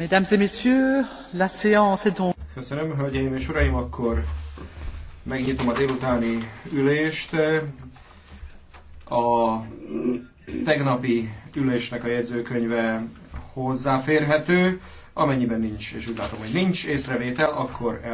Mesdames et messieurs, la séance est donc... Köszönöm, hölgyeim és uraim, akkor megnyitom a délutáni ülést. A tegnapi ülésnek a jegyzőkönyve hozzáférhető, amennyiben nincs, és úgy látom, hogy nincs észrevétel, akkor el